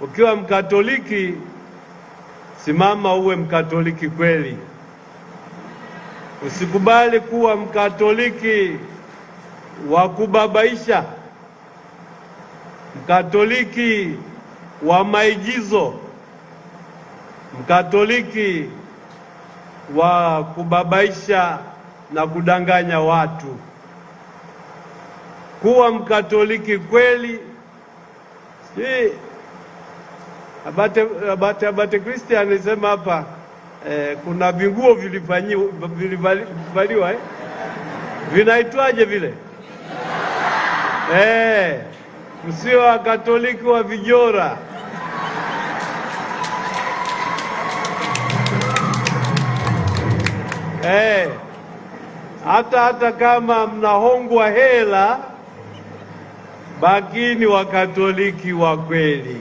Ukiwa Mkatoliki, simama uwe Mkatoliki kweli. Usikubali kuwa Mkatoliki wa kubabaisha, Mkatoliki wa maigizo, Mkatoliki wa kubabaisha na kudanganya watu. Kuwa Mkatoliki kweli si Abate, Abate, Abate Christian alisema hapa eh, kuna vinguo vilivaliwa eh? Vinaitwaje vile eh, msio wa Katoliki wa vijora eh, hata hata kama mnahongwa hela, bakini Wakatoliki wa kweli.